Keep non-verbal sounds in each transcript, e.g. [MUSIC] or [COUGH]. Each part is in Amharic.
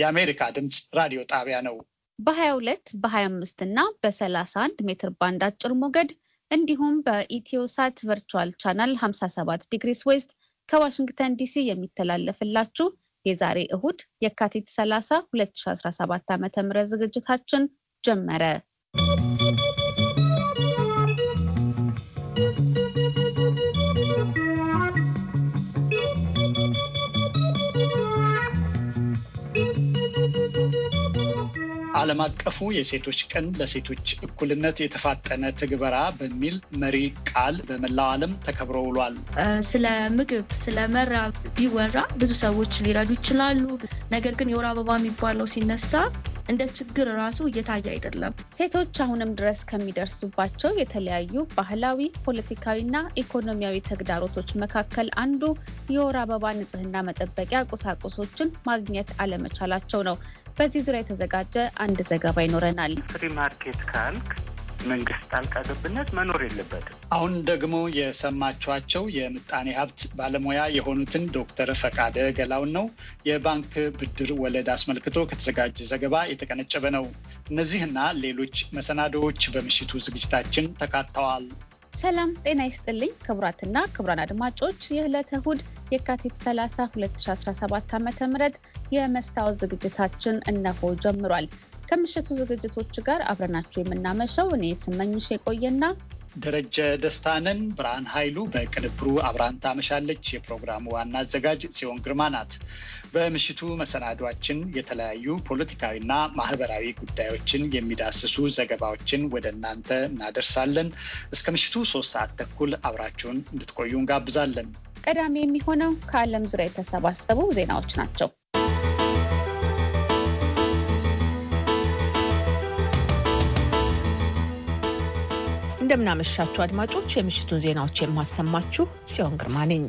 የአሜሪካ ድምፅ ራዲዮ ጣቢያ ነው። በ22 በ25 እና በ31 ሜትር ባንድ አጭር ሞገድ እንዲሁም በኢትዮሳት ቨርቹዋል ቻናል 57 ዲግሪስ ዌስት ከዋሽንግተን ዲሲ የሚተላለፍላችሁ የዛሬ እሁድ የካቲት 30 2017 ዓ ም ዝግጅታችን ጀመረ። ዓለም አቀፉ የሴቶች ቀን ለሴቶች እኩልነት የተፋጠነ ትግበራ በሚል መሪ ቃል በመላው ዓለም ተከብሮ ውሏል። ስለ ምግብ፣ ስለ መራብ ቢወራ ብዙ ሰዎች ሊረዱ ይችላሉ። ነገር ግን የወር አበባ የሚባለው ሲነሳ እንደ ችግር ራሱ እየታየ አይደለም። ሴቶች አሁንም ድረስ ከሚደርሱባቸው የተለያዩ ባህላዊ፣ ፖለቲካዊና ኢኮኖሚያዊ ተግዳሮቶች መካከል አንዱ የወር አበባ ንጽህና መጠበቂያ ቁሳቁሶችን ማግኘት አለመቻላቸው ነው። በዚህ ዙሪያ የተዘጋጀ አንድ ዘገባ ይኖረናል። ፍሪ ማርኬት ካልክ መንግስት ጣልቃ ገብነት መኖር የለበትም። አሁን ደግሞ የሰማችኋቸው የምጣኔ ሀብት ባለሙያ የሆኑትን ዶክተር ፈቃደ ገላውን ነው። የባንክ ብድር ወለድ አስመልክቶ ከተዘጋጀ ዘገባ የተቀነጨበ ነው። እነዚህና ሌሎች መሰናዶዎች በምሽቱ ዝግጅታችን ተካተዋል። ሰላም ጤና ይስጥልኝ ክቡራትና ክቡራን አድማጮች የዕለተ እሁድ። የካቲት 30 2017 ዓ ም የመስታወት ዝግጅታችን እነሆ ጀምሯል። ከምሽቱ ዝግጅቶች ጋር አብረናቸው የምናመሸው እኔ ስመኝሽ የቆየና ደረጀ ደስታንን። ብርሃን ኃይሉ በቅንብሩ አብራን ታመሻለች። የፕሮግራሙ ዋና አዘጋጅ ሲሆን ግርማ ናት። በምሽቱ መሰናዷችን የተለያዩ ፖለቲካዊና ማህበራዊ ጉዳዮችን የሚዳስሱ ዘገባዎችን ወደ እናንተ እናደርሳለን። እስከ ምሽቱ ሶስት ሰዓት ተኩል አብራችሁን እንድትቆዩ እንጋብዛለን። ቀዳሚ የሚሆነው ከዓለም ዙሪያ የተሰባሰቡ ዜናዎች ናቸው። እንደምናመሻችሁ አድማጮች፣ የምሽቱን ዜናዎች የማሰማችሁ ሲሆን ግርማ ነኝ።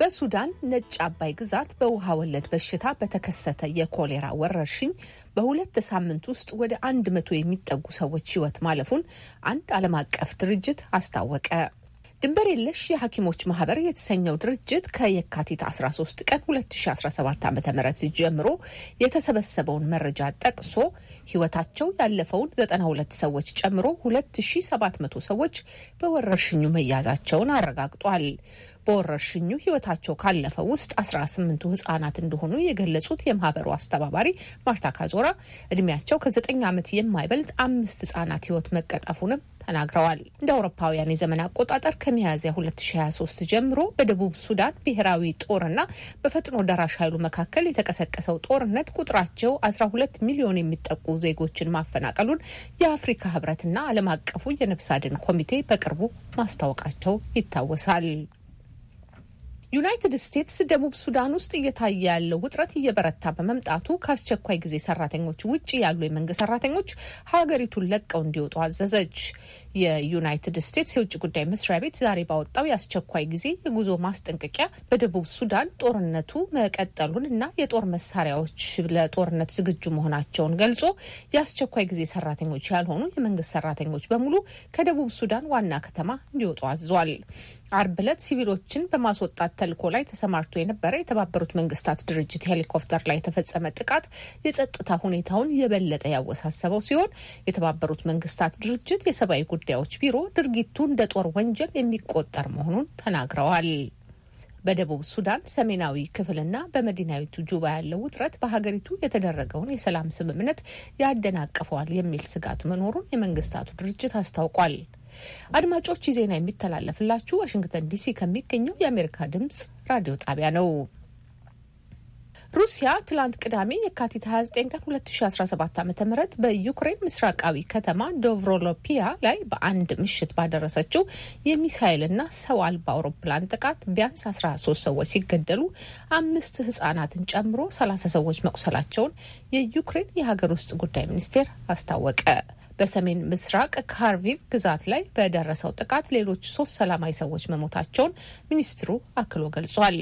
በሱዳን ነጭ አባይ ግዛት በውሃ ወለድ በሽታ በተከሰተ የኮሌራ ወረርሽኝ በሁለት ሳምንት ውስጥ ወደ አንድ መቶ የሚጠጉ ሰዎች ሕይወት ማለፉን አንድ ዓለም አቀፍ ድርጅት አስታወቀ። ድንበር የለሽ የሐኪሞች ማህበር የተሰኘው ድርጅት ከየካቲት 13 ቀን 2017 ዓ ም ጀምሮ የተሰበሰበውን መረጃ ጠቅሶ ህይወታቸው ያለፈውን 92 ሰዎች ጨምሮ 2700 ሰዎች በወረርሽኙ መያዛቸውን አረጋግጧል። በወረርሽኙ ህይወታቸው ካለፈው ውስጥ አስራ ስምንቱ ህጻናት እንደሆኑ የገለጹት የማህበሩ አስተባባሪ ማርታ ካዞራ እድሜያቸው ከዘጠኝ ዓመት የማይበልጥ አምስት ህጻናት ህይወት መቀጠፉንም ተናግረዋል። እንደ አውሮፓውያን የዘመን አቆጣጠር ከሚያዝያ 2023 ጀምሮ በደቡብ ሱዳን ብሔራዊ ጦርና በፈጥኖ ደራሽ ኃይሉ መካከል የተቀሰቀሰው ጦርነት ቁጥራቸው 12 ሚሊዮን የሚጠቁ ዜጎችን ማፈናቀሉን የአፍሪካ ህብረትና ዓለም አቀፉ የነፍስ አድን ኮሚቴ በቅርቡ ማስታወቃቸው ይታወሳል። ዩናይትድ ስቴትስ ደቡብ ሱዳን ውስጥ እየታየ ያለው ውጥረት እየበረታ በመምጣቱ ከአስቸኳይ ጊዜ ሰራተኞች ውጭ ያሉ የመንግስት ሰራተኞች ሀገሪቱን ለቀው እንዲወጡ አዘዘች። የዩናይትድ ስቴትስ የውጭ ጉዳይ መስሪያ ቤት ዛሬ ባወጣው የአስቸኳይ ጊዜ የጉዞ ማስጠንቀቂያ በደቡብ ሱዳን ጦርነቱ መቀጠሉን እና የጦር መሳሪያዎች ለጦርነት ዝግጁ መሆናቸውን ገልጾ የአስቸኳይ ጊዜ ሰራተኞች ያልሆኑ የመንግስት ሰራተኞች በሙሉ ከደቡብ ሱዳን ዋና ከተማ እንዲወጡ አዟል። አርብ ዕለት ሲቪሎችን በማስወጣት ተልእኮ ላይ ተሰማርቶ የነበረ የተባበሩት መንግስታት ድርጅት ሄሊኮፕተር ላይ የተፈጸመ ጥቃት የጸጥታ ሁኔታውን የበለጠ ያወሳሰበው ሲሆን የተባበሩት መንግስታት ድርጅት የሰብአዊ ጉዳይ ጉዳዮች ቢሮ ድርጊቱ እንደ ጦር ወንጀል የሚቆጠር መሆኑን ተናግረዋል። በደቡብ ሱዳን ሰሜናዊ ክፍልና በመዲናዊቱ ጁባ ያለው ውጥረት በሀገሪቱ የተደረገውን የሰላም ስምምነት ያደናቅፈዋል የሚል ስጋት መኖሩን የመንግስታቱ ድርጅት አስታውቋል። አድማጮች፣ ዜና የሚተላለፍላችሁ ዋሽንግተን ዲሲ ከሚገኘው የአሜሪካ ድምጽ ራዲዮ ጣቢያ ነው። ሩሲያ ትላንት ቅዳሜ የካቲት 29 ቀን 2017 ዓ ም በዩክሬን ምስራቃዊ ከተማ ዶቭሮሎፒያ ላይ በአንድ ምሽት ባደረሰችው የሚሳይልና ሰው አልባ አውሮፕላን ጥቃት ቢያንስ 13 ሰዎች ሲገደሉ አምስት ህጻናትን ጨምሮ 30 ሰዎች መቁሰላቸውን የዩክሬን የሀገር ውስጥ ጉዳይ ሚኒስቴር አስታወቀ። በሰሜን ምስራቅ ካርቪቭ ግዛት ላይ በደረሰው ጥቃት ሌሎች ሶስት ሰላማዊ ሰዎች መሞታቸውን ሚኒስትሩ አክሎ ገልጿል።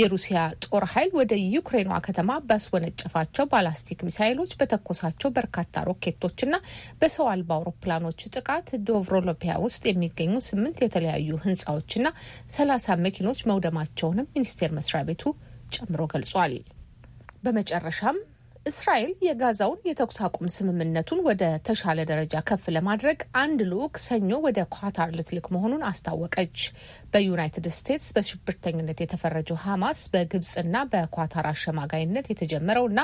የሩሲያ ጦር ኃይል ወደ ዩክሬኗ ከተማ ባስወነጨፋቸው ባላስቲክ ሚሳይሎች በተኮሳቸው በርካታ ሮኬቶችና በሰው አልባ አውሮፕላኖች ጥቃት ዶቭሮሎፒያ ውስጥ የሚገኙ ስምንት የተለያዩ ህንፃዎችና ሰላሳ መኪኖች መውደማቸውንም ሚኒስቴር መስሪያ ቤቱ ጨምሮ ገልጿል። በመጨረሻም እስራኤል የጋዛውን የተኩስ አቁም ስምምነቱን ወደ ተሻለ ደረጃ ከፍ ለማድረግ አንድ ልዑክ ሰኞ ወደ ኳታር ልትልክ መሆኑን አስታወቀች። በዩናይትድ ስቴትስ በሽብርተኝነት የተፈረጀው ሀማስ በግብጽና በኳታር አሸማጋይነት የተጀመረውና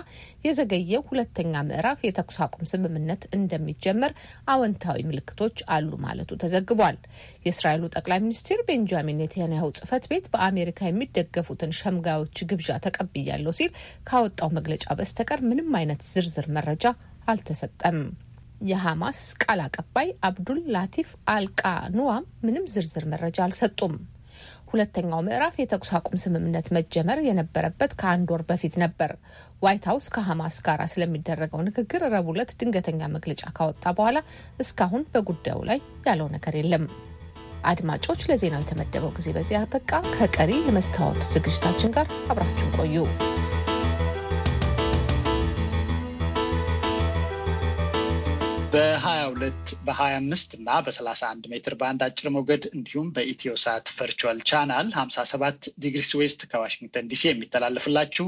የዘገየው ሁለተኛ ምዕራፍ የተኩስ አቁም ስምምነት እንደሚጀመር አዎንታዊ ምልክቶች አሉ ማለቱ ተዘግቧል። የእስራኤሉ ጠቅላይ ሚኒስትር ቤንጃሚን ኔታንያሁ ጽህፈት ቤት በአሜሪካ የሚደገፉትን ሸምጋዮች ግብዣ ተቀብያለሁ ሲል ካወጣው መግለጫ በስተቀር ምንም አይነት ዝርዝር መረጃ አልተሰጠም። የሐማስ ቃል አቀባይ አብዱል ላቲፍ አልቃ ኑዋም ምንም ዝርዝር መረጃ አልሰጡም። ሁለተኛው ምዕራፍ የተኩስ አቁም ስምምነት መጀመር የነበረበት ከአንድ ወር በፊት ነበር። ዋይት ሀውስ ከሐማስ ጋር ስለሚደረገው ንግግር ረቡዕ ዕለት ድንገተኛ መግለጫ ካወጣ በኋላ እስካሁን በጉዳዩ ላይ ያለው ነገር የለም። አድማጮች፣ ለዜናው የተመደበው ጊዜ በዚያ በቃ። ከቀሪ የመስታወት ዝግጅታችን ጋር አብራችን ቆዩ። በ22 በ25 እና በ31 ሜትር ባንድ አጭር ሞገድ እንዲሁም በኢትዮ ሳት ቨርቹዋል ቻናል 57 ዲግሪስ ዌስት ከዋሽንግተን ዲሲ የሚተላለፍላችሁ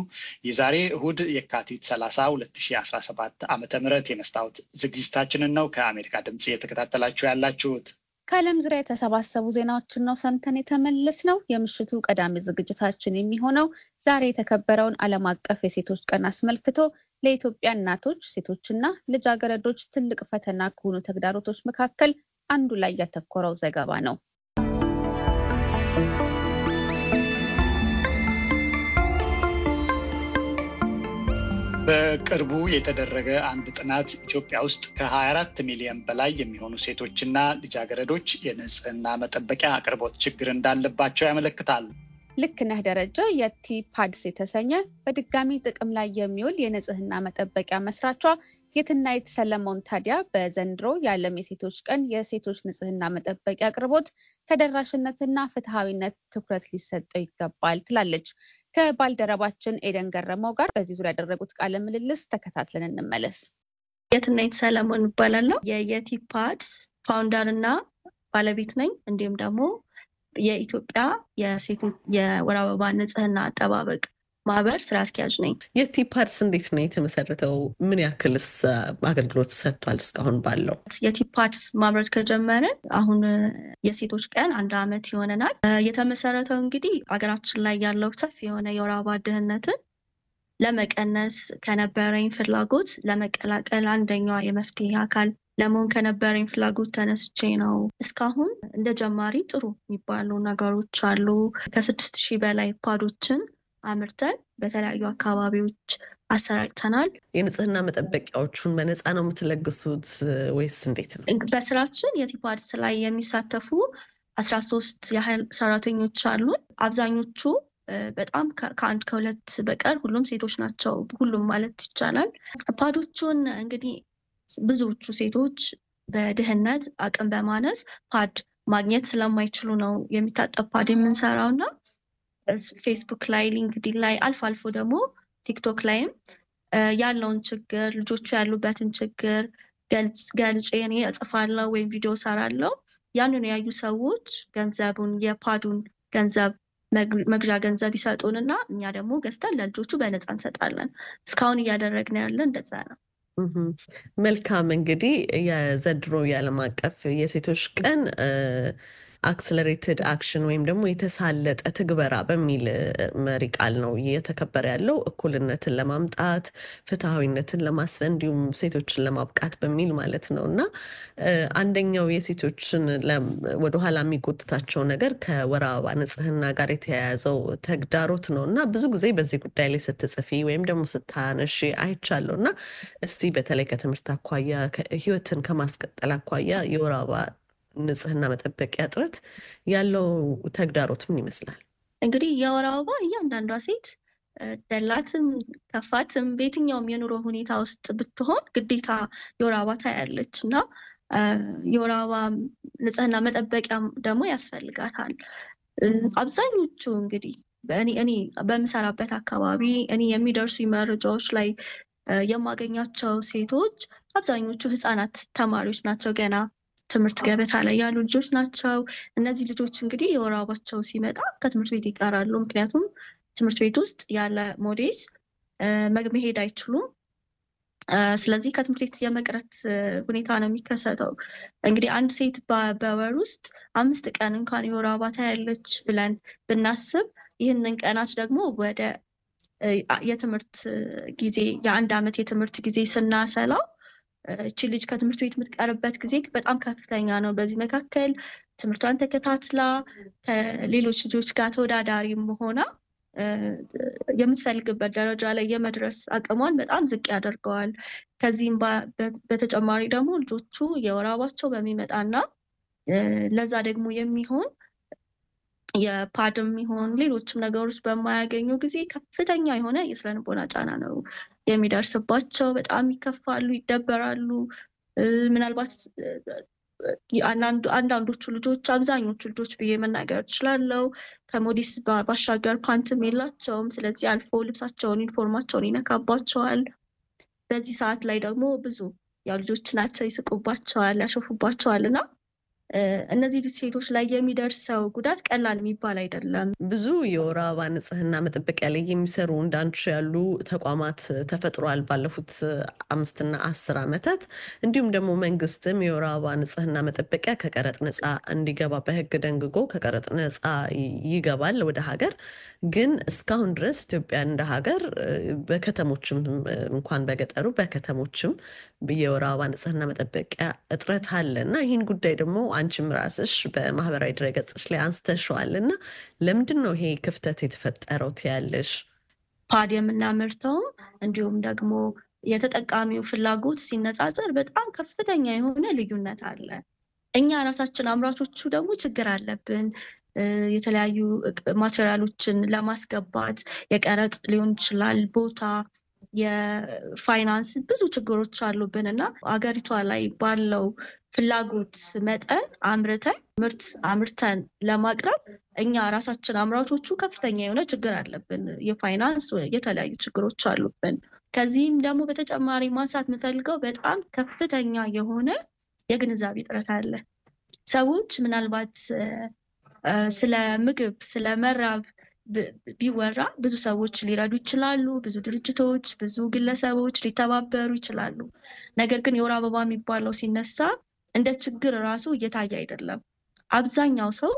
የዛሬ እሁድ የካቲት 30 2017 ዓ ም የመስታወት ዝግጅታችንን ነው ከአሜሪካ ድምፅ እየተከታተላችሁ ያላችሁት። ከዓለም ዙሪያ የተሰባሰቡ ዜናዎችን ነው ሰምተን የተመለስ ነው። የምሽቱ ቀዳሚ ዝግጅታችን የሚሆነው ዛሬ የተከበረውን ዓለም አቀፍ የሴቶች ቀን አስመልክቶ ለኢትዮጵያ እናቶች ሴቶችና ልጃገረዶች ትልቅ ፈተና ከሆኑ ተግዳሮቶች መካከል አንዱ ላይ ያተኮረው ዘገባ ነው። በቅርቡ የተደረገ አንድ ጥናት ኢትዮጵያ ውስጥ ከ24 ሚሊዮን በላይ የሚሆኑ ሴቶችና ልጃገረዶች የንጽህና መጠበቂያ አቅርቦት ችግር እንዳለባቸው ያመለክታል። ልክ ነህ ደረጀ። የቲ ፓድስ የተሰኘ በድጋሚ ጥቅም ላይ የሚውል የንጽህና መጠበቂያ መስራቿ የትናየት ሰለሞን ታዲያ በዘንድሮ የዓለም የሴቶች ቀን የሴቶች ንጽህና መጠበቂያ አቅርቦት ተደራሽነትና ፍትሐዊነት ትኩረት ሊሰጠው ይገባል ትላለች። ከባልደረባችን ኤደን ገረመው ጋር በዚህ ዙሪያ ያደረጉት ቃለ ምልልስ ተከታትለን እንመለስ። የትናየት ሰለሞን እባላለሁ። የየቲ ፓድስ ፋውንደር እና ባለቤት ነኝ። እንዲሁም ደግሞ የኢትዮጵያ የሴቶች የወር አበባ ንጽህና አጠባበቅ ማህበር ስራ አስኪያጅ ነኝ። የቲፓርስ እንዴት ነው የተመሰረተው? ምን ያክልስ አገልግሎት ሰጥቷል? እስካሁን ባለው የቲፓርስ ማምረት ከጀመርን አሁን የሴቶች ቀን አንድ አመት ይሆነናል። የተመሰረተው እንግዲህ ሀገራችን ላይ ያለው ሰፊ የሆነ የወር አበባ ድህነትን ለመቀነስ ከነበረኝ ፍላጎት ለመቀላቀል አንደኛዋ የመፍትሄ አካል ለመሆን ከነበረኝ ፍላጎት ተነስቼ ነው። እስካሁን እንደ ጀማሪ ጥሩ የሚባሉ ነገሮች አሉ። ከስድስት ሺህ በላይ ፓዶችን አምርተን በተለያዩ አካባቢዎች አሰራጭተናል። የንጽህና መጠበቂያዎቹን በነፃ ነው የምትለግሱት ወይስ እንዴት ነው? በስራችን የቲፓድስ ላይ የሚሳተፉ አስራ ሶስት ያህል ሰራተኞች አሉ አብዛኞቹ በጣም ከአንድ ከሁለት በቀር ሁሉም ሴቶች ናቸው። ሁሉም ማለት ይቻላል። ፓዶቹን እንግዲህ ብዙዎቹ ሴቶች በድህነት አቅም በማነስ ፓድ ማግኘት ስለማይችሉ ነው የሚታጠብ ፓድ የምንሰራው እና ፌስቡክ ላይ፣ ሊንክዲን ላይ አልፎ አልፎ ደግሞ ቲክቶክ ላይም ያለውን ችግር ልጆቹ ያሉበትን ችግር ገልጬ እኔ እጽፋለሁ ወይም ቪዲዮ ሰራለው ያንን ያዩ ሰዎች ገንዘቡን የፓዱን ገንዘብ መግዣ ገንዘብ ይሰጡን እና እኛ ደግሞ ገዝተን ለልጆቹ በነፃ እንሰጣለን። እስካሁን እያደረግን ያለ እንደዛ ነው። መልካም እንግዲህ የዘንድሮ የዓለም አቀፍ የሴቶች ቀን አክስለሬትድ አክሽን ወይም ደግሞ የተሳለጠ ትግበራ በሚል መሪ ቃል ነው እየተከበረ ያለው። እኩልነትን ለማምጣት ፍትሐዊነትን ለማስፈን እንዲሁም ሴቶችን ለማብቃት በሚል ማለት ነው እና አንደኛው የሴቶችን ወደኋላ የሚጎትታቸው ነገር ከወር አበባ ንጽህና ጋር የተያያዘው ተግዳሮት ነው እና ብዙ ጊዜ በዚህ ጉዳይ ላይ ስትጽፊ ወይም ደግሞ ስታነሺ አይቻለሁ እና እስቲ በተለይ ከትምህርት አኳያ ህይወትን ከማስቀጠል አኳያ የወር አበባ ንጽህና መጠበቂያ እጥረት ያለው ተግዳሮት ምን ይመስላል? እንግዲህ የወር አበባ እያንዳንዷ ሴት ደላትም ከፋትም በየትኛውም የኑሮ ሁኔታ ውስጥ ብትሆን ግዴታ የወር አበባ ታያለች እና የወር አበባ ንጽህና መጠበቂያ ደግሞ ያስፈልጋታል። አብዛኞቹ እንግዲህ እኔ በምሰራበት አካባቢ እኔ የሚደርሱ መረጃዎች ላይ የማገኛቸው ሴቶች አብዛኞቹ ህፃናት ተማሪዎች ናቸው። ገና ትምህርት ገበታ ላይ ያሉ ልጆች ናቸው። እነዚህ ልጆች እንግዲህ የወር አበባቸው ሲመጣ ከትምህርት ቤት ይቀራሉ። ምክንያቱም ትምህርት ቤት ውስጥ ያለ ሞዴስ መሄድ አይችሉም። ስለዚህ ከትምህርት ቤት የመቅረት ሁኔታ ነው የሚከሰተው። እንግዲህ አንድ ሴት በወር ውስጥ አምስት ቀን እንኳን የወር አበባ ታያለች ብለን ብናስብ ይህንን ቀናት ደግሞ ወደ የትምህርት ጊዜ የአንድ ዓመት የትምህርት ጊዜ ስናሰላው እቺ ልጅ ከትምህርት ቤት የምትቀርበት ጊዜ በጣም ከፍተኛ ነው። በዚህ መካከል ትምህርቷን ተከታትላ ከሌሎች ልጆች ጋር ተወዳዳሪ መሆና የምትፈልግበት ደረጃ ላይ የመድረስ አቅሟን በጣም ዝቅ ያደርገዋል። ከዚህም በተጨማሪ ደግሞ ልጆቹ የወር አበባቸው በሚመጣና ለዛ ደግሞ የሚሆን የፓድም ይሆን ሌሎችም ነገሮች በማያገኙ ጊዜ ከፍተኛ የሆነ የስነ ልቦና ጫና ነው የሚደርስባቸው በጣም ይከፋሉ፣ ይደበራሉ። ምናልባት አንዳንዶቹ ልጆች አብዛኞቹ ልጆች ብዬ መናገር እችላለሁ ከሞዲስ ባሻገር ፓንትም የላቸውም። ስለዚህ አልፎ ልብሳቸውን ዩኒፎርማቸውን ይነካባቸዋል። በዚህ ሰዓት ላይ ደግሞ ብዙ ያው ልጆች ናቸው፣ ይስቁባቸዋል፣ ያሾፉባቸዋል እና እነዚህ ሴቶች ላይ የሚደርሰው ጉዳት ቀላል የሚባል አይደለም። ብዙ የወር አበባ ንጽህና መጠበቂያ ላይ የሚሰሩ እንዳንቺ ያሉ ተቋማት ተፈጥሯል ባለፉት አምስትና አስር ዓመታት። እንዲሁም ደግሞ መንግስትም የወር አበባ ንጽህና መጠበቂያ ከቀረጥ ነፃ እንዲገባ በህግ ደንግጎ ከቀረጥ ነፃ ይገባል ወደ ሀገር። ግን እስካሁን ድረስ ኢትዮጵያ እንደ ሀገር በከተሞችም እንኳን በገጠሩ በከተሞችም የወር አበባ ንጽህና መጠበቂያ እጥረት አለ እና ይህን ጉዳይ ደግሞ አንቺም ራስሽ በማህበራዊ ድረገጾች ላይ አንስተሸዋል እና ለምንድን ነው ይሄ ክፍተት የተፈጠረው ትያለሽ? ፓድ የምናመርተውም እንዲሁም ደግሞ የተጠቃሚው ፍላጎት ሲነጻጸር በጣም ከፍተኛ የሆነ ልዩነት አለ። እኛ ራሳችን አምራቾቹ ደግሞ ችግር አለብን። የተለያዩ ማቴሪያሎችን ለማስገባት የቀረጥ ሊሆን ይችላል ቦታ የፋይናንስ ብዙ ችግሮች አሉብን እና አገሪቷ ላይ ባለው ፍላጎት መጠን አምርተን ምርት አምርተን ለማቅረብ እኛ ራሳችን አምራቾቹ ከፍተኛ የሆነ ችግር አለብን። የፋይናንስ የተለያዩ ችግሮች አሉብን። ከዚህም ደግሞ በተጨማሪ ማንሳት የምፈልገው በጣም ከፍተኛ የሆነ የግንዛቤ ጥረት አለ። ሰዎች ምናልባት ስለ ምግብ፣ ስለ መራብ ቢወራ ብዙ ሰዎች ሊረዱ ይችላሉ። ብዙ ድርጅቶች፣ ብዙ ግለሰቦች ሊተባበሩ ይችላሉ። ነገር ግን የወር አበባ የሚባለው ሲነሳ እንደ ችግር ራሱ እየታየ አይደለም። አብዛኛው ሰው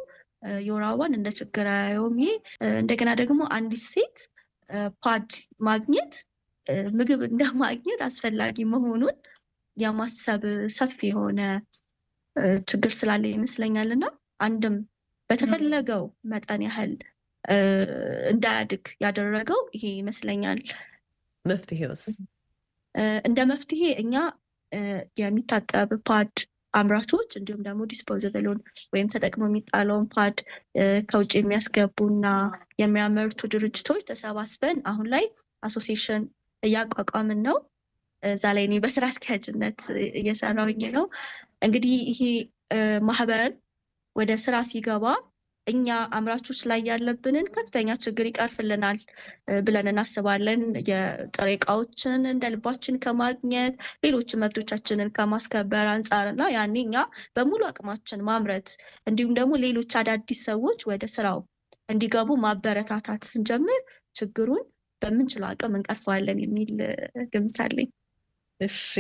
የወር አበባን እንደ ችግር አያየውም። እንደገና ደግሞ አንዲት ሴት ፓድ ማግኘት ምግብ እንደ ማግኘት አስፈላጊ መሆኑን የማሰብ ሰፊ የሆነ ችግር ስላለ ይመስለኛል እና አንድም በተፈለገው መጠን ያህል እንዳያድግ ያደረገው ይሄ ይመስለኛል። መፍትሄውስ እንደ መፍትሄ እኛ የሚታጠብ ፓድ አምራቾች እንዲሁም ደግሞ ዲስፖዘብሉን ወይም ተጠቅሞ የሚጣለውን ፓድ ከውጭ የሚያስገቡና የሚያመርቱ ድርጅቶች ተሰባስበን አሁን ላይ አሶሲሽን እያቋቋምን ነው። እዛ ላይ እኔ በስራ አስኪያጅነት እየሰራውኝ ነው። እንግዲህ ይሄ ማህበር ወደ ስራ ሲገባ እኛ አምራቾች ላይ ያለብንን ከፍተኛ ችግር ይቀርፍልናል ብለን እናስባለን። የጥሬ እቃዎችን እንደ ልባችን ከማግኘት ሌሎች መብቶቻችንን ከማስከበር አንጻር እና ያኔ እኛ በሙሉ አቅማችን ማምረት እንዲሁም ደግሞ ሌሎች አዳዲስ ሰዎች ወደ ስራው እንዲገቡ ማበረታታት ስንጀምር ችግሩን በምንችለው አቅም እንቀርፈዋለን የሚል ግምት አለኝ። እሺ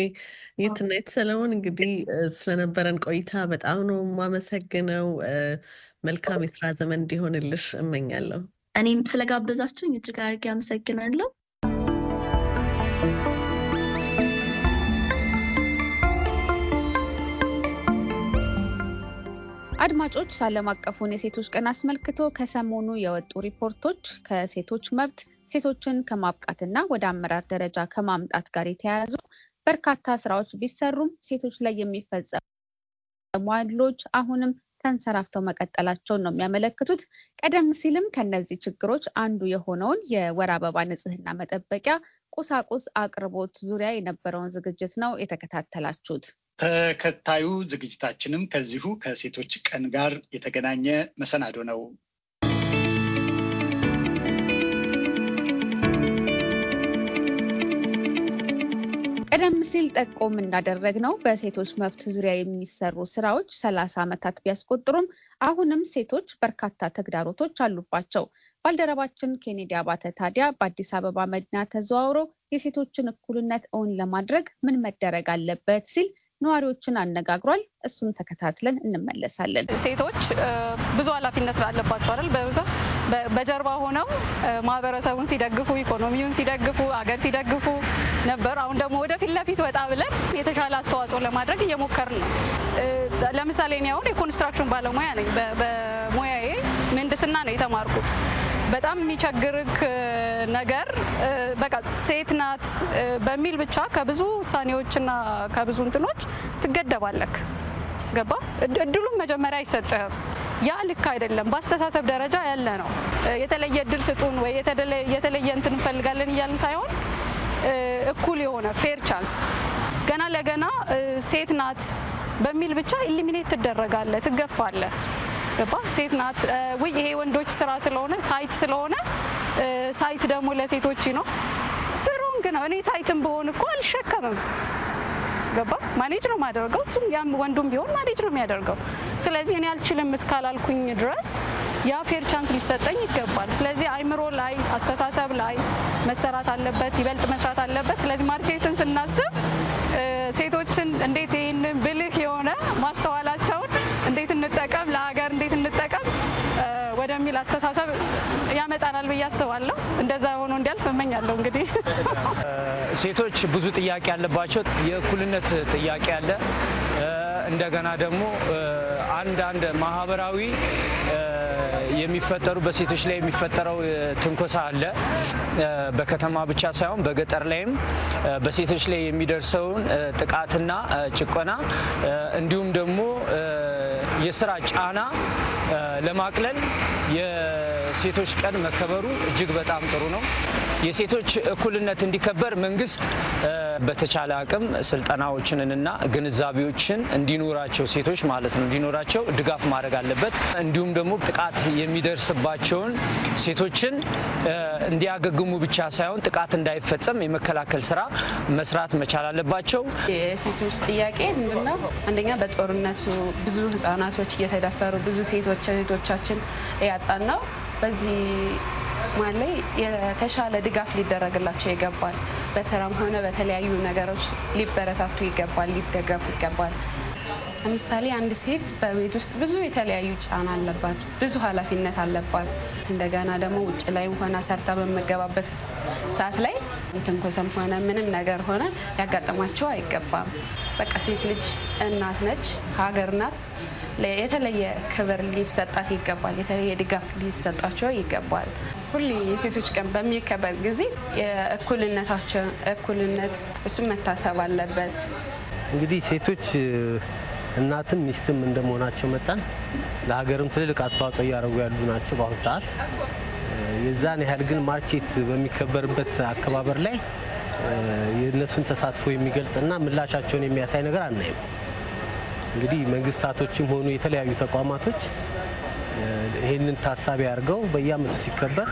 የትናየት ሰለሞን እንግዲህ ስለነበረን ቆይታ በጣም ነው የማመሰግነው። መልካም የስራ ዘመን እንዲሆንልሽ እመኛለሁ። እኔም ስለጋበዛችሁኝ እጅግ አድርጌ አመሰግናለሁ። አድማጮች ዓለም አቀፉን የሴቶች ቀን አስመልክቶ ከሰሞኑ የወጡ ሪፖርቶች ከሴቶች መብት ሴቶችን ከማብቃትና ወደ አመራር ደረጃ ከማምጣት ጋር የተያያዙ በርካታ ስራዎች ቢሰሩም ሴቶች ላይ የሚፈጸሙ አድሎች አሁንም ተንሰራፍተው መቀጠላቸውን ነው የሚያመለክቱት። ቀደም ሲልም ከነዚህ ችግሮች አንዱ የሆነውን የወር አበባ ንጽህና መጠበቂያ ቁሳቁስ አቅርቦት ዙሪያ የነበረውን ዝግጅት ነው የተከታተላችሁት። ተከታዩ ዝግጅታችንም ከዚሁ ከሴቶች ቀን ጋር የተገናኘ መሰናዶ ነው። ቀደም ሲል ጠቆም ነው በሴቶች መብት ዙሪያ የሚሰሩ ስራዎች ሰላሳ ዓመታት ቢያስቆጥሩም አሁንም ሴቶች በርካታ ተግዳሮቶች አሉባቸው። ባልደረባችን ኬኔዲ አባተ ታዲያ በአዲስ አበባ መዲና ተዘዋውሮ የሴቶችን እኩልነት እውን ለማድረግ ምን መደረግ አለበት ሲል ነዋሪዎችን አነጋግሯል። እሱን ተከታትለን እንመለሳለን። ሴቶች ብዙ ኃላፊነት አለባቸው አይደል? በጀርባ ሆነው ማህበረሰቡን ሲደግፉ፣ ኢኮኖሚውን ሲደግፉ፣ አገር ሲደግፉ ነበር። አሁን ደግሞ ወደ ፊት ለፊት ወጣ ብለን የተሻለ አስተዋጽኦ ለማድረግ እየሞከርን ነው። ለምሳሌ እኔ አሁን የኮንስትራክሽን ባለሙያ ነኝ። በሙያዬ ምህንድስና ነው የተማርኩት። በጣም የሚቸግርክ ነገር በቃ ሴት ናት በሚል ብቻ ከብዙ ውሳኔዎችና ከብዙ እንትኖች ትገደባለክ። ገባ እድሉም መጀመሪያ አይሰጥህም። ያ ልክ አይደለም። በአስተሳሰብ ደረጃ ያለ ነው። የተለየ እድል ስጡን ወይ የተለየ እንትን እንፈልጋለን እያልን ሳይሆን እኩል የሆነ ፌር ቻንስ ገና ለገና ሴት ናት በሚል ብቻ ኢሊሚኔት ትደረጋለ፣ ትገፋለ። ገባ ሴት ናት ወይ ይሄ ወንዶች ስራ ስለሆነ ሳይት ስለሆነ ሳይት ደግሞ ለሴቶች ነው። ትሮንግ ነው። እኔ ሳይትም በሆን እኮ አልሸከምም ስለገባ ማኔጅ ነው ማደርገው። እሱም ያም ወንዱም ቢሆን ማኔጅ ነው የሚያደርገው። ስለዚህ እኔ አልችልም እስካላልኩኝ ድረስ ያ ፌር ቻንስ ሊሰጠኝ ይገባል። ስለዚህ አይምሮ ላይ አስተሳሰብ ላይ መሰራት አለበት፣ ይበልጥ መስራት አለበት። ስለዚህ ማርቼትን ስናስብ ሴቶችን እንዴት ይህንን ብልህ የሆነ ማስተዋላቸውን እንዴት እንጠቀም ለሀገር ወደሚል አስተሳሰብ ያመጣናል ብዬ አስባለሁ። እንደዛ ሆኖ እንዲያልፍ እመኛለሁ። እንግዲህ [LAUGHS] ሴቶች ብዙ ጥያቄ ያለባቸው የእኩልነት ጥያቄ አለ። እንደገና ደግሞ አንዳንድ ማህበራዊ የሚፈጠሩ በሴቶች ላይ የሚፈጠረው ትንኮሳ አለ። በከተማ ብቻ ሳይሆን በገጠር ላይም በሴቶች ላይ የሚደርሰውን ጥቃትና ጭቆና እንዲሁም ደግሞ የስራ ጫና ለማቅለል ሴቶች ቀን መከበሩ እጅግ በጣም ጥሩ ነው። የሴቶች እኩልነት እንዲከበር መንግስት በተቻለ አቅም ስልጠናዎችንና ግንዛቤዎችን እንዲኖራቸው ሴቶች ማለት ነው እንዲኖራቸው ድጋፍ ማድረግ አለበት። እንዲሁም ደግሞ ጥቃት የሚደርስባቸውን ሴቶችን እንዲያገግሙ ብቻ ሳይሆን ጥቃት እንዳይፈጸም የመከላከል ስራ መስራት መቻል አለባቸው። የሴቶች ጥያቄ ምንድነው? አንደኛ በጦርነቱ ብዙ ህጻናቶች እየተደፈሩ ብዙ ሴቶች እህቶቻችን ያጣን ነው። በዚህ ማለት ላይ የተሻለ ድጋፍ ሊደረግላቸው ይገባል። በስራም ሆነ በተለያዩ ነገሮች ሊበረታቱ ይገባል፣ ሊደገፉ ይገባል። ለምሳሌ አንድ ሴት በቤት ውስጥ ብዙ የተለያዩ ጫና አለባት፣ ብዙ ኃላፊነት አለባት። እንደገና ደግሞ ውጭ ላይ ሆና ሰርታ በመገባበት ሰዓት ላይ ትንኮሰም ሆነ ምንም ነገር ሆነ ያጋጠማቸው አይገባም። በቃ ሴት ልጅ እናት ነች፣ ሀገር ናት። የተለየ ክብር ሊሰጣት ይገባል። የተለየ ድጋፍ ሊሰጣቸው ይገባል። ሁሌ የሴቶች ቀን በሚከበር ጊዜ የእኩልነታቸው እኩልነት እሱም መታሰብ አለበት። እንግዲህ ሴቶች እናትም ሚስትም እንደመሆናቸው መጠን ለሀገርም ትልልቅ አስተዋጽኦ እያደረጉ ያሉ ናቸው በአሁኑ ሰዓት። የዛን ያህል ግን ማርኬት በሚከበርበት አከባበር ላይ የእነሱን ተሳትፎ የሚገልጽና ምላሻቸውን የሚያሳይ ነገር አናይም። እንግዲህ መንግስታቶችም ሆኑ የተለያዩ ተቋማቶች ይህንን ታሳቢ አድርገው በየአመቱ ሲከበር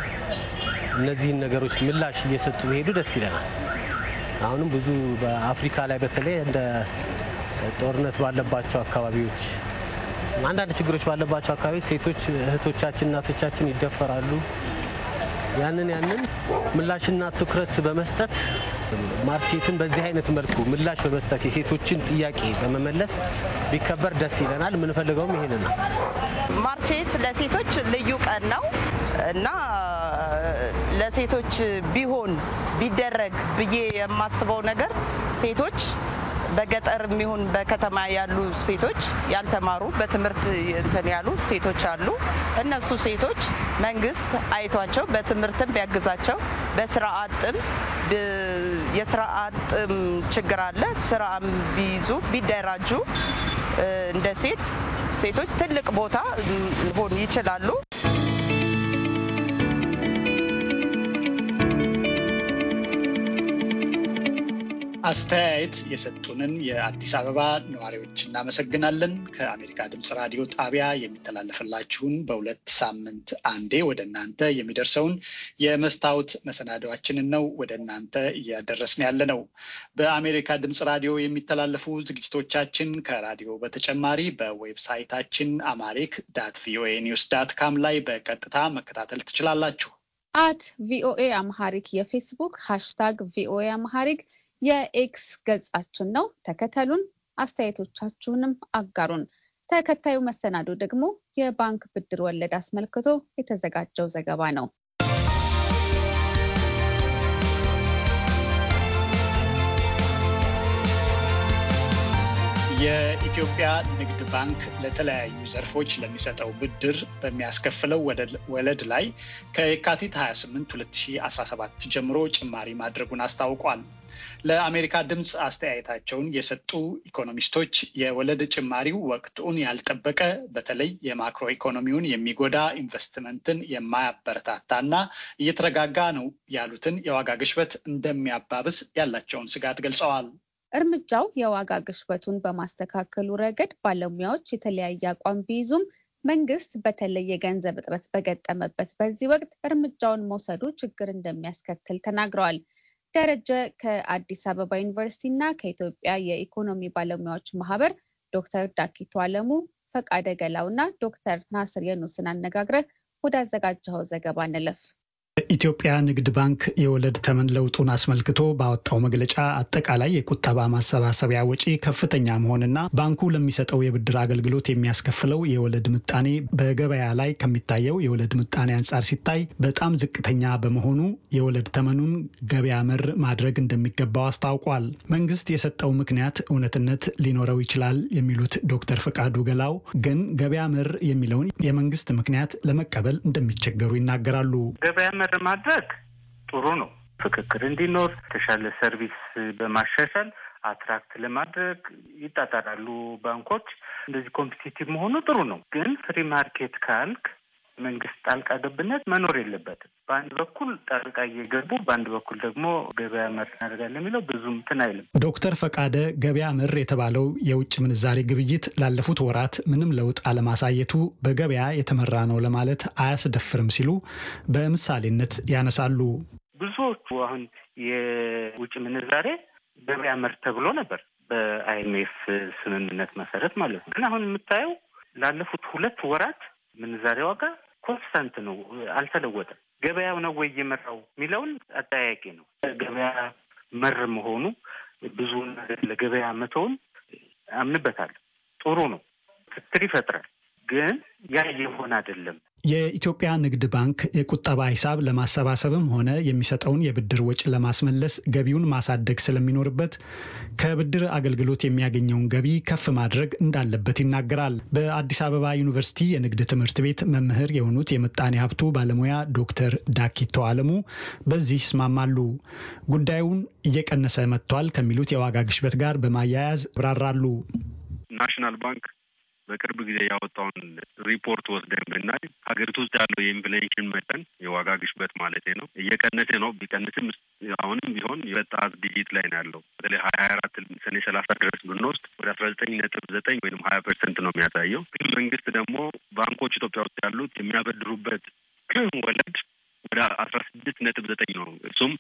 እነዚህን ነገሮች ምላሽ እየሰጡ ሄዱ ደስ ይለናል። አሁንም ብዙ በአፍሪካ ላይ በተለይ እንደ ጦርነት ባለባቸው አካባቢዎች አንዳንድ ችግሮች ባለባቸው አካባቢ ሴቶች እህቶቻችን፣ እናቶቻችን ይደፈራሉ። ያንን ያንን ምላሽና ትኩረት በመስጠት ማርኬትን በዚህ አይነት መልኩ ምላሽ በመስጠት የሴቶችን ጥያቄ በመመለስ ቢከበር ደስ ይለናል። የምንፈልገውም ይሄን ነው። ማርኬት ለሴቶች ልዩ ቀን ነው እና ለሴቶች ቢሆን ቢደረግ ብዬ የማስበው ነገር ሴቶች በገጠር የሚሆን በከተማ ያሉ ሴቶች ያልተማሩ በትምህርት እንትን ያሉ ሴቶች አሉ። እነሱ ሴቶች መንግስት አይቷቸው በትምህርትም ቢያግዛቸው በስራ አጥም የስራ አጥም ችግር አለ። ስራም ቢይዙ ቢደራጁ እንደ ሴት ሴቶች ትልቅ ቦታ ሆን ይችላሉ። አስተያየት የሰጡንን የአዲስ አበባ ነዋሪዎች እናመሰግናለን። ከአሜሪካ ድምፅ ራዲዮ ጣቢያ የሚተላለፍላችሁን በሁለት ሳምንት አንዴ ወደ እናንተ የሚደርሰውን የመስታወት መሰናዶዋችንን ነው ወደ እናንተ እያደረስን ያለ ነው። በአሜሪካ ድምፅ ራዲዮ የሚተላለፉ ዝግጅቶቻችን ከራዲዮ በተጨማሪ በዌብሳይታችን አማሪክ ዳት ቪኦኤ ኒውስ ዳት ካም ላይ በቀጥታ መከታተል ትችላላችሁ። አት ቪኦኤ አምሃሪክ የፌስቡክ ሃሽታግ ቪኦኤ አምሃሪክ የኤክስ ገጻችን ነው። ተከተሉን፣ አስተያየቶቻችሁንም አጋሩን። ተከታዩ መሰናዶ ደግሞ የባንክ ብድር ወለድ አስመልክቶ የተዘጋጀው ዘገባ ነው። የኢትዮጵያ ንግድ ባንክ ለተለያዩ ዘርፎች ለሚሰጠው ብድር በሚያስከፍለው ወለድ ላይ ከየካቲት 28 2017 ጀምሮ ጭማሪ ማድረጉን አስታውቋል። ለአሜሪካ ድምፅ አስተያየታቸውን የሰጡ ኢኮኖሚስቶች የወለድ ጭማሪው ወቅቱን ያልጠበቀ በተለይ የማክሮ ኢኮኖሚውን የሚጎዳ ኢንቨስትመንትን የማያበረታታ እና እየተረጋጋ ነው ያሉትን የዋጋ ግሽበት እንደሚያባብስ ያላቸውን ስጋት ገልጸዋል። እርምጃው የዋጋ ግሽበቱን በማስተካከሉ ረገድ ባለሙያዎች የተለያየ አቋም ቢይዙም መንግስት በተለይ የገንዘብ እጥረት በገጠመበት በዚህ ወቅት እርምጃውን መውሰዱ ችግር እንደሚያስከትል ተናግረዋል። ደረጀ ከአዲስ አበባ ዩኒቨርሲቲ እና ከኢትዮጵያ የኢኮኖሚ ባለሙያዎች ማህበር ዶክተር ዳኪቶ አለሙ፣ ፈቃደ ገላው እና ዶክተር ናስር የኑስን አነጋግረህ ወዳዘጋጀኸው ዘገባ እንለፍ። የኢትዮጵያ ንግድ ባንክ የወለድ ተመን ለውጡን አስመልክቶ ባወጣው መግለጫ አጠቃላይ የቁጠባ ማሰባሰቢያ ወጪ ከፍተኛ መሆንና ባንኩ ለሚሰጠው የብድር አገልግሎት የሚያስከፍለው የወለድ ምጣኔ በገበያ ላይ ከሚታየው የወለድ ምጣኔ አንጻር ሲታይ በጣም ዝቅተኛ በመሆኑ የወለድ ተመኑን ገበያ መር ማድረግ እንደሚገባው አስታውቋል። መንግስት የሰጠው ምክንያት እውነትነት ሊኖረው ይችላል የሚሉት ዶክተር ፍቃዱ ገላው ግን ገበያ መር የሚለውን የመንግስት ምክንያት ለመቀበል እንደሚቸገሩ ይናገራሉ። ገበያ መር ማድረግ ጥሩ ነው። ፍክክር እንዲኖር የተሻለ ሰርቪስ በማሻሻል አትራክት ለማድረግ ይጣጣራሉ ባንኮች። እንደዚህ ኮምፒቲቲቭ መሆኑ ጥሩ ነው። ግን ፍሪ ማርኬት ካልክ መንግስት ጣልቃ ገብነት መኖር የለበትም። በአንድ በኩል ጣልቃ እየገቡ በአንድ በኩል ደግሞ ገበያ መር እናደርጋለን የሚለው ብዙም ትን አይልም። ዶክተር ፈቃደ ገበያ መር የተባለው የውጭ ምንዛሬ ግብይት ላለፉት ወራት ምንም ለውጥ አለማሳየቱ በገበያ የተመራ ነው ለማለት አያስደፍርም ሲሉ በምሳሌነት ያነሳሉ። ብዙዎቹ አሁን የውጭ ምንዛሬ ገበያ መር ተብሎ ነበር በአይኤምኤፍ ስምምነት መሰረት ማለት ነው። ግን አሁን የምታየው ላለፉት ሁለት ወራት ምንዛሬ ዋጋ ኮንስታንት ነው፣ አልተለወጠም። ገበያው ነው ወይ እየመራው የሚለውን አጠያያቂ ነው። ገበያ መር መሆኑ ብዙ ነገር ለገበያ መተውን አምንበታለሁ። ጥሩ ነው፣ ትትር ይፈጥራል። ግን ያ የሆን አይደለም። የኢትዮጵያ ንግድ ባንክ የቁጠባ ሂሳብ ለማሰባሰብም ሆነ የሚሰጠውን የብድር ወጪ ለማስመለስ ገቢውን ማሳደግ ስለሚኖርበት ከብድር አገልግሎት የሚያገኘውን ገቢ ከፍ ማድረግ እንዳለበት ይናገራል። በአዲስ አበባ ዩኒቨርሲቲ የንግድ ትምህርት ቤት መምህር የሆኑት የምጣኔ ሀብቱ ባለሙያ ዶክተር ዳኪቶ አለሙ በዚህ ይስማማሉ። ጉዳዩን እየቀነሰ መጥቷል ከሚሉት የዋጋ ግሽበት ጋር በማያያዝ ብራራሉ። ናሽናል ባንክ በቅርብ ጊዜ ያወጣውን ሪፖርት ወስደን ብናይ ሀገሪቱ ውስጥ ያለው የኢንፍሌሽን መጠን የዋጋ ግሽበት ማለት ነው እየቀነሰ ነው። ቢቀንስም አሁንም ቢሆን የበጣት ዲጂት ላይ ነው ያለው። በተለይ ሀያ አራት ሰኔ ሰላሳ ድረስ ብንወስድ ወደ አስራ ዘጠኝ ነጥብ ዘጠኝ ወይም ሀያ ፐርሰንት ነው የሚያሳየው። ግን መንግስት ደግሞ ባንኮች ኢትዮጵያ ውስጥ ያሉት የሚያበድሩበት ወለድ ወደ አስራ ስድስት ነጥብ ዘጠኝ ነው እሱም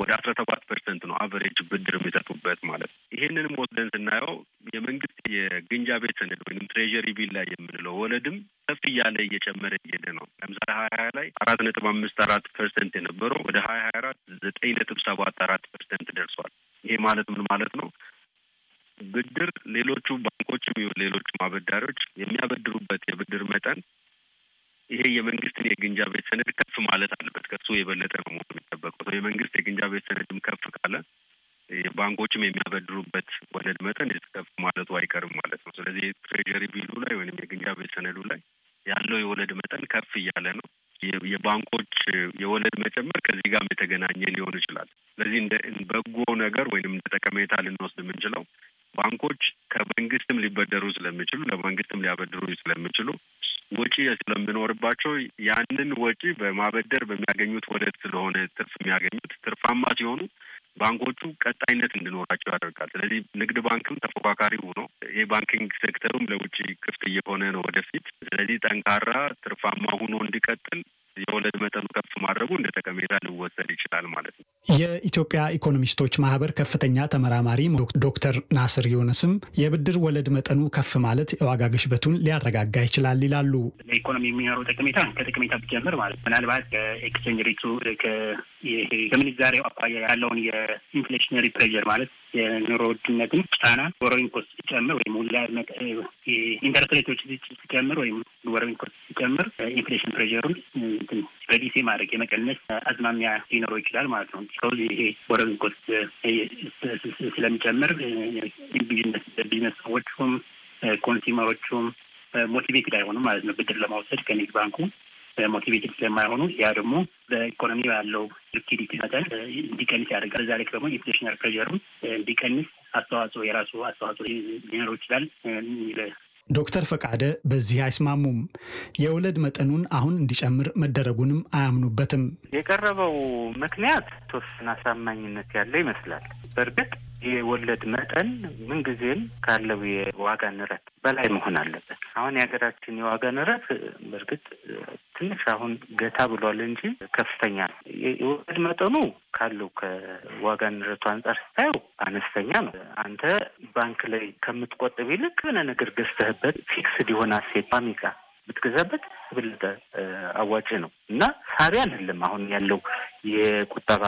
ወደ አስራ ሰባት ፐርሰንት ነው አቨሬጅ ብድር የሚሰጡበት ማለት ነው። ይህንንም ወስደን ስናየው የመንግስት የግንጃ ቤት ሰነድ ወይም ትሬዥሪ ቢል ላይ የምንለው ወለድም ከፍ እያለ እየጨመረ እየሄደ ነው። ለምሳሌ ሀያ ሀያ ላይ አራት ነጥብ አምስት አራት ፐርሰንት የነበረው ወደ ሀያ ሀያ አራት ዘጠኝ ነጥብ ሰባት አራት ፐርሰንት ደርሷል። ይሄ ማለት ምን ማለት ነው? ብድር ሌሎቹ ባንኮችም ይሁን ሌሎቹ አበዳሪዎች የሚያበድሩበት የብድር መጠን ይሄ የመንግስትን የግንጃ ቤት ሰነድ ከፍ ማለት አለበት። ከሱ የበለጠ ነው መሆን የሚጠበቀው። የመንግስት የግንጃ ቤት ሰነድም ከፍ ካለ ባንኮችም የሚያበድሩበት ወለድ መጠን ከፍ ማለቱ አይቀርም ማለት ነው። ስለዚህ ትሬጀሪ ቢሉ ላይ ወይም የግንጃ ቤት ሰነዱ ላይ ያለው የወለድ መጠን ከፍ እያለ ነው። የባንኮች የወለድ መጨመር ከዚህ ጋር የተገናኘ ሊሆን ይችላል። ስለዚህ እንደ በጎ ነገር ወይም እንደ ጠቀሜታ ልንወስድ የምንችለው ባንኮች ከመንግስትም ሊበደሩ ስለሚችሉ ለመንግስትም ሊያበድሩ ስለሚችሉ ወጪ ስለምኖርባቸው ያንን ወጪ በማበደር በሚያገኙት ወለድ ስለሆነ ትርፍ የሚያገኙት ትርፋማ ሲሆኑ ባንኮቹ ቀጣይነት እንዲኖራቸው ያደርጋል። ስለዚህ ንግድ ባንክም ተፎካካሪ ሆኖ የባንኪንግ ሴክተሩም ለውጭ ክፍት እየሆነ ነው ወደፊት። ስለዚህ ጠንካራ ትርፋማ ሆኖ እንዲቀጥል የወለድ መጠኑ ከፍ ማድረጉ እንደ ጠቀሜታ ሊወሰድ ይችላል ማለት ነው። የኢትዮጵያ ኢኮኖሚስቶች ማህበር ከፍተኛ ተመራማሪ ዶክተር ናስር ዮነስም የብድር ወለድ መጠኑ ከፍ ማለት የዋጋ ግሽበቱን ሊያረጋጋ ይችላል ይላሉ። ለኢኮኖሚ የሚኖረው ጠቀሜታ ከጠቀሜታ ብጀምር ማለት ምናልባት ኤክስቼንጅ ሬቱ ይሄ ከምንዛሬው አኳያ ያለውን የኢንፍሌሽነሪ ፕሬዠር ማለት የኑሮ ውድነትን ጫና ቦሮዊንግ ኮስት ሲጨምር ወይም ኢንተረስት ሬቶች ሲጨምር ወይም ቦሮዊንግ ኮስት ሲጨምር ኢንፍሌሽን ፕሬዠሩን በዲሴ ማድረግ የመቀነስ አዝማሚያ ሊኖረው ይችላል ማለት ነው። ስለዚህ ይሄ ቦሮዊንግ ኮስት ስለሚጨምር ቢዝነስ ቢዝነስ ሰዎቹም ኮንሱመሮቹም ሞቲቬትድ አይሆኑም ማለት ነው ብድር ለማውሰድ ከንግድ ባንኩ ሞቲቬትድ ስለማይሆኑ ያ ደግሞ በኢኮኖሚ ያለው ሊኩዲቲ መጠን እንዲቀንስ ያደርጋል። በዛ ልክ ደግሞ ኢንፍሌሽናል ፕሬሩም እንዲቀንስ አስተዋጽኦ የራሱ አስተዋጽኦ ሊኖረው ይችላል የሚል ዶክተር ፈቃደ በዚህ አይስማሙም። የወለድ መጠኑን አሁን እንዲጨምር መደረጉንም አያምኑበትም። የቀረበው ምክንያት ተወሰነ አሳማኝነት ያለ ይመስላል። በእርግጥ የወለድ መጠን ምንጊዜም ካለው የዋጋ ንረት በላይ መሆን አለበት። አሁን የሀገራችን የዋጋ ንረት በእርግጥ ትንሽ አሁን ገታ ብሏል እንጂ ከፍተኛ ነው። የወለድ መጠኑ ካለው ከዋጋ ንረቱ አንጻር ስታየው አነስተኛ ነው። አንተ ባንክ ላይ ከምትቆጥብ ይልቅ የሆነ ነገር ገዝተህበት ፊክስድ የሆነ አሴት ቋሚቃ ብትገዛበት የበለጠ አዋጭ ነው እና ሳቢ አይደለም። አሁን ያለው የቁጠባ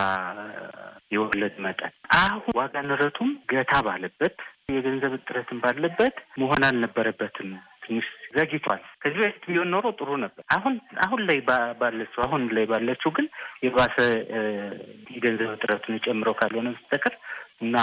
የወለድ መጠን አሁን ዋጋ ንረቱም ገታ ባለበት የገንዘብ እጥረትን ባለበት መሆን አልነበረበትም። ትንሽ ዘግይቷል። ከዚህ በፊት ቢሆን ኖሮ ጥሩ ነበር። አሁን አሁን ላይ ባለችው አሁን ላይ ባለችው ግን የባሰ የገንዘብ እጥረቱን የጨምረው ካልሆነ በስተቀር እና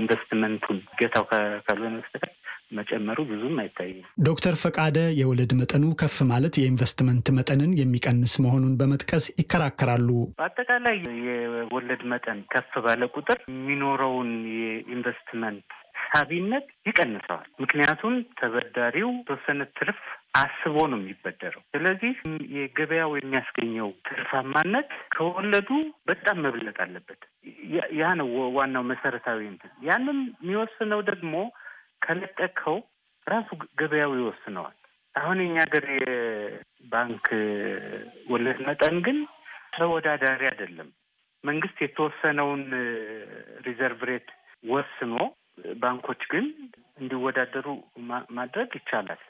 ኢንቨስትመንቱን ገታው ካልሆነ በስተቀር መጨመሩ ብዙም አይታይም። ዶክተር ፈቃደ የወለድ መጠኑ ከፍ ማለት የኢንቨስትመንት መጠንን የሚቀንስ መሆኑን በመጥቀስ ይከራከራሉ። በአጠቃላይ የወለድ መጠን ከፍ ባለ ቁጥር የሚኖረውን የኢንቨስትመንት ሳቢነት ይቀንሰዋል። ምክንያቱም ተበዳሪው ተወሰነ ትርፍ አስቦ ነው የሚበደረው። ስለዚህ የገበያው የሚያስገኘው ትርፋማነት ከወለዱ በጣም መብለጥ አለበት። ያ ነው ዋናው መሰረታዊ እንትን። ያንን የሚወስነው ደግሞ ከለጠከው ራሱ ገበያው ይወስነዋል። አሁን የኛ ሀገር የባንክ ወለድ መጠን ግን ተወዳዳሪ አይደለም። መንግስት የተወሰነውን ሪዘርቭ ሬት ወስኖ ባንኮች ግን እንዲወዳደሩ ማድረግ ይቻላል።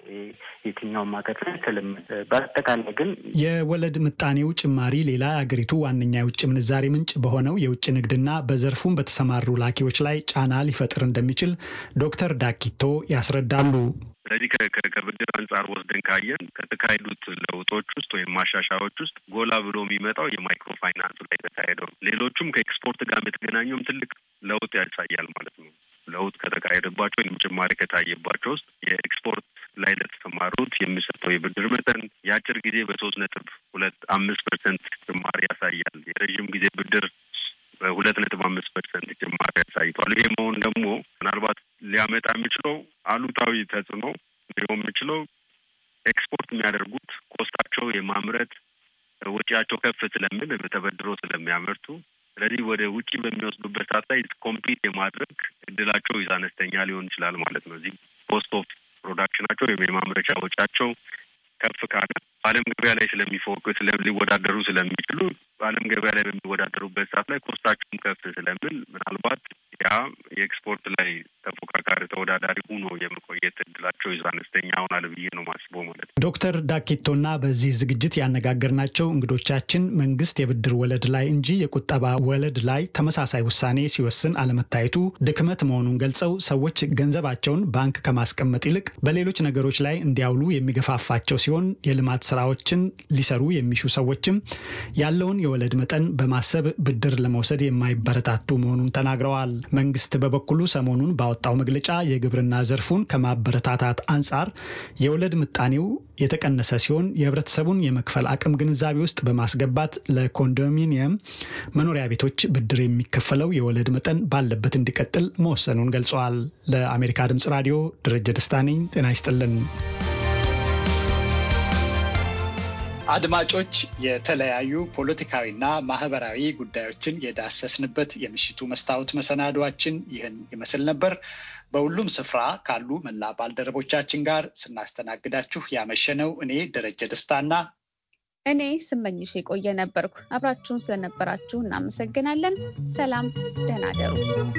የትኛውም ሀገር ላይ ተለመደ። በአጠቃላይ ግን የወለድ ምጣኔው ጭማሪ ሌላ አገሪቱ ዋነኛ የውጭ ምንዛሬ ምንጭ በሆነው የውጭ ንግድና በዘርፉም በተሰማሩ ላኪዎች ላይ ጫና ሊፈጥር እንደሚችል ዶክተር ዳኪቶ ያስረዳሉ። ስለዚህ ከብድር አንጻር ወስደን ካየን ከተካሄዱት ለውጦች ውስጥ ወይም ማሻሻያዎች ውስጥ ጎላ ብሎ የሚመጣው የማይክሮ ፋይናንሱ ላይ የተካሄደው ሌሎቹም ከኤክስፖርት ጋር የተገናኘውም ትልቅ ለውጥ ያሳያል ማለት ነው። ለውጥ ከተካሄደባቸው ወይም ጭማሪ ከታየባቸው ውስጥ የኤክስፖርት ላይ ለተሰማሩት የሚሰጠው የብድር መጠን የአጭር ጊዜ በሶስት ነጥብ ሁለት አምስት ፐርሰንት ጭማሪ ያሳያል። የረዥም ጊዜ ብድር በሁለት ነጥብ አምስት ፐርሰንት ጭማሪ ያሳይቷል። ይሄ መሆን ደግሞ ምናልባት ሊያመጣ የሚችለው አሉታዊ ተጽዕኖ ሊሆን የሚችለው ኤክስፖርት የሚያደርጉት ኮስታቸው የማምረት ወጪያቸው ከፍ ስለሚል በተበድሮ ስለሚያመርቱ ስለዚህ ወደ ውጭ በሚወስዱበት ሰዓት ላይ ኮምፒት የማድረግ እድላቸው አነስተኛ ሊሆን ይችላል ማለት ነው። እዚህ ኮስት ኦፍ ፕሮዳክሽናቸው ወይም የማምረቻ ወጫቸው ከፍ ካለ በዓለም ገበያ ላይ ስለሚፎቅ ሊወዳደሩ ስለሚችሉ በዓለም ገበያ ላይ በሚወዳደሩበት ሰዓት ላይ ኮስታቸውም ከፍ ስለሚል ምናልባት ያ የኤክስፖርት ላይ ተፎካካሪ ተወዳዳሪ ሁኖ የመቆየት እድላቸው ይዛ አነስተኛ ሆናል ብዬ ነው ማስበው ማለት ነው። ዶክተር ዳኬቶና በዚህ ዝግጅት ያነጋገርናቸው እንግዶቻችን መንግስት የብድር ወለድ ላይ እንጂ የቁጠባ ወለድ ላይ ተመሳሳይ ውሳኔ ሲወስን አለመታየቱ ድክመት መሆኑን ገልጸው ሰዎች ገንዘባቸውን ባንክ ከማስቀመጥ ይልቅ በሌሎች ነገሮች ላይ እንዲያውሉ የሚገፋፋቸው ሲሆን የልማት ስራዎችን ሊሰሩ የሚሹ ሰዎችም ያለውን የወለድ መጠን በማሰብ ብድር ለመውሰድ የማይበረታቱ መሆኑን ተናግረዋል። መንግስት በበኩሉ ሰሞኑን ባወጣው መግለጫ የግብርና ዘርፉን ከማበረታታት አንጻር የወለድ ምጣኔው የተቀነሰ ሲሆን የህብረተሰቡን የመክፈል አቅም ግንዛቤ ውስጥ በማስገባት ለኮንዶሚኒየም መኖሪያ ቤቶች ብድር የሚከፈለው የወለድ መጠን ባለበት እንዲቀጥል መወሰኑን ገልጸዋል። ለአሜሪካ ድምፅ ራዲዮ ደረጀ ደስታ ነኝ። ጤና ይስጥልን አድማጮች። የተለያዩ ፖለቲካዊና ማህበራዊ ጉዳዮችን የዳሰስንበት የምሽቱ መስታወት መሰናዷችን ይህን ይመስል ነበር። በሁሉም ስፍራ ካሉ መላ ባልደረቦቻችን ጋር ስናስተናግዳችሁ ያመሸነው እኔ ደረጀ ደስታና እኔ ስመኝሽ የቆየ ነበርኩ። አብራችሁን ስለነበራችሁ እናመሰግናለን። ሰላም፣ ደህና ደሩ።